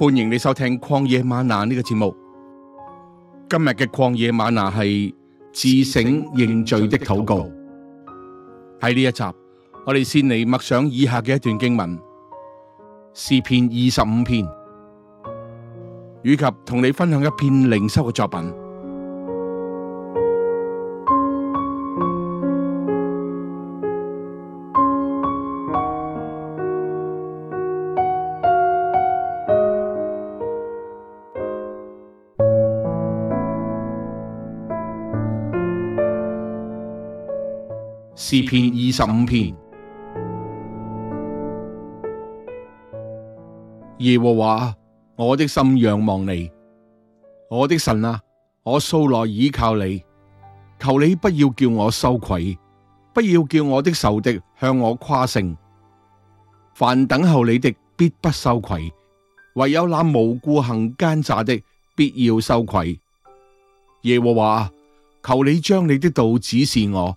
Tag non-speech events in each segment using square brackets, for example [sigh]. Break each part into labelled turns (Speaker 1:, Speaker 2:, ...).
Speaker 1: 歡迎你收聽曠野嗎哪呢個節目。今日嘅曠野嗎哪係自省認罪的禱告。喺呢一集，我哋先嚟默想以下嘅一段經文，詩篇二十五篇，以及同你分享一篇靈修嘅作品。詩篇二十五篇。耶和華，我的心仰望你，我的神啊，我素來倚靠你，求你不要叫我羞愧，不要叫我的仇敵向我誇勝。凡等候你的必不羞愧，唯有那無故行奸詐的必要羞愧。耶和華，求你將你的道指示我。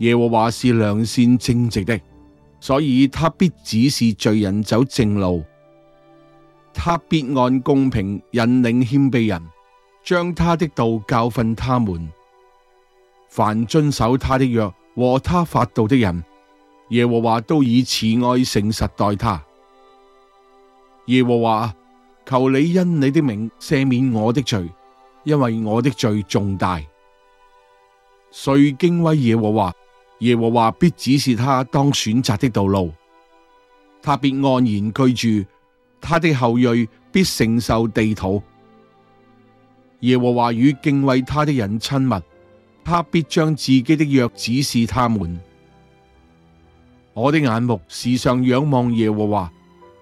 Speaker 1: 耶和華是良善正直的，所以他必指示罪人走正路，他必按公平引領謙卑人，將他的道教訓他們。凡遵守他的約和他法度的人，耶和華都以慈愛誠實待他。耶和華，求你因你的名赦免我的罪，因為我的罪重大。稅經威耶和華。耶和華必指示他當選擇的道路，他必安然居住，他的後裔必承受地土。耶和華與敬畏他的人親密，他必將自己的約指示他們。我的眼目時常仰望耶和華，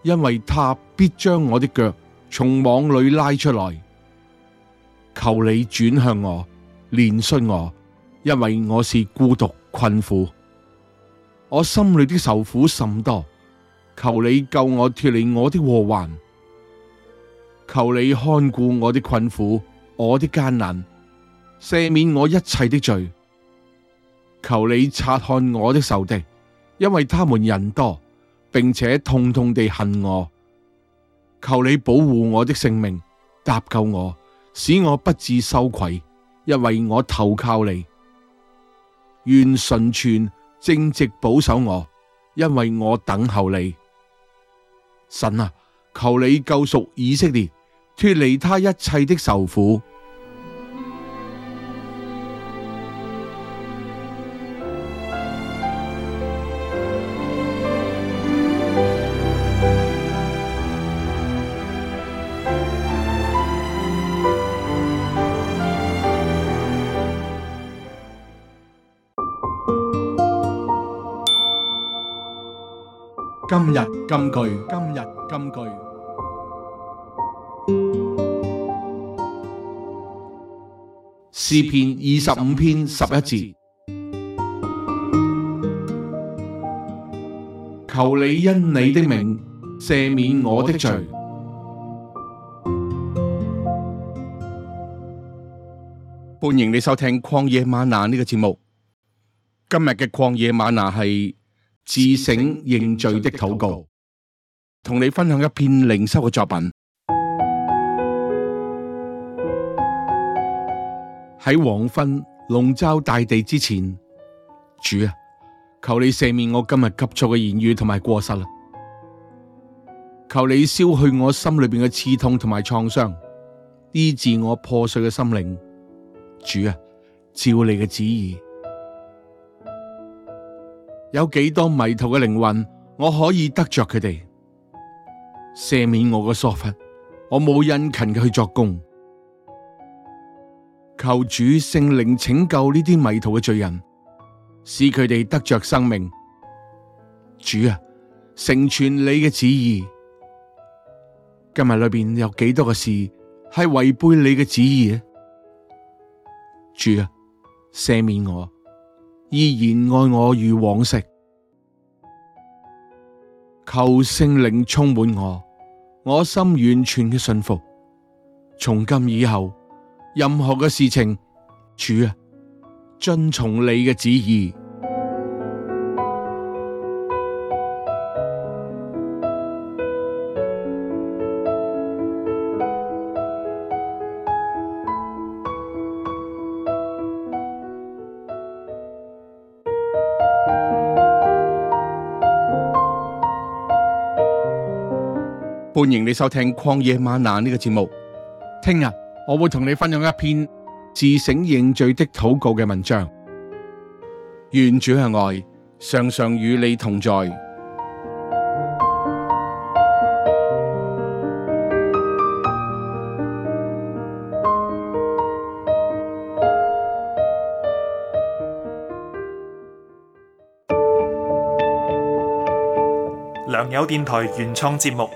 Speaker 1: 因為他必將我的腳從網裏拉出來。求你轉向我，憐恤我，因為我是孤獨。困苦，我心裏的愁苦甚多，求你救我脫離我的禍患，求你看顧我的困苦，我的艱難，赦免我一切的罪。求你察看我的仇敵，因為他們人多，並且痛痛地恨我。求你保護我的性命，搭救我，使我不致羞愧，因為我投靠你。願純全正直保守我，因為我等候你。神啊，求你救贖以色列，脫離他一切的愁苦。今日金句，今日金句。詩篇二十五篇十一節，求你因你的名赦免我的罪。歡迎你收聽曠野嗎哪呢個節目。今日嘅曠野嗎哪係。自省認罪的禱告，同你分享一篇靈修嘅作品。喺 [music] 黃昏籠罩大地之前，主啊，求你赦免我今日急促嘅言語同埋過失啦！求你消去我心裏邊嘅刺痛同埋創傷，醫治我破碎嘅心靈。主啊，照你嘅旨意。有幾多迷途嘅靈魂，我可以得着佢哋，赦免我嘅疏忽，我冇殷勤嘅去作工，求主聖靈拯救呢啲迷途嘅罪人，使佢哋得着生命。主啊，成全你嘅旨意。今日裏邊有幾多個事係違背你嘅旨意咧？主啊，赦免我。依然愛我如往昔，求聖靈充滿我，我心完全嘅信服。從今以後，任何嘅事情，主啊，遵從你嘅旨意。歡迎你收聽曠野嗎哪呢個節目。聽日我會同你分享一篇自省認罪的禱告嘅文章。願主向外，常常與你同在。
Speaker 2: 良友電台原創節目。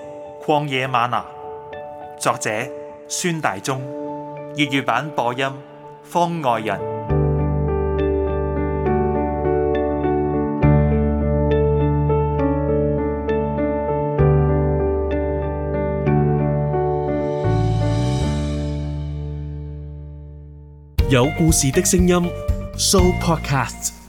Speaker 2: 曠野嗎哪，作者孫大中，粵語版播音方外人，有故事的聲音 show podcast。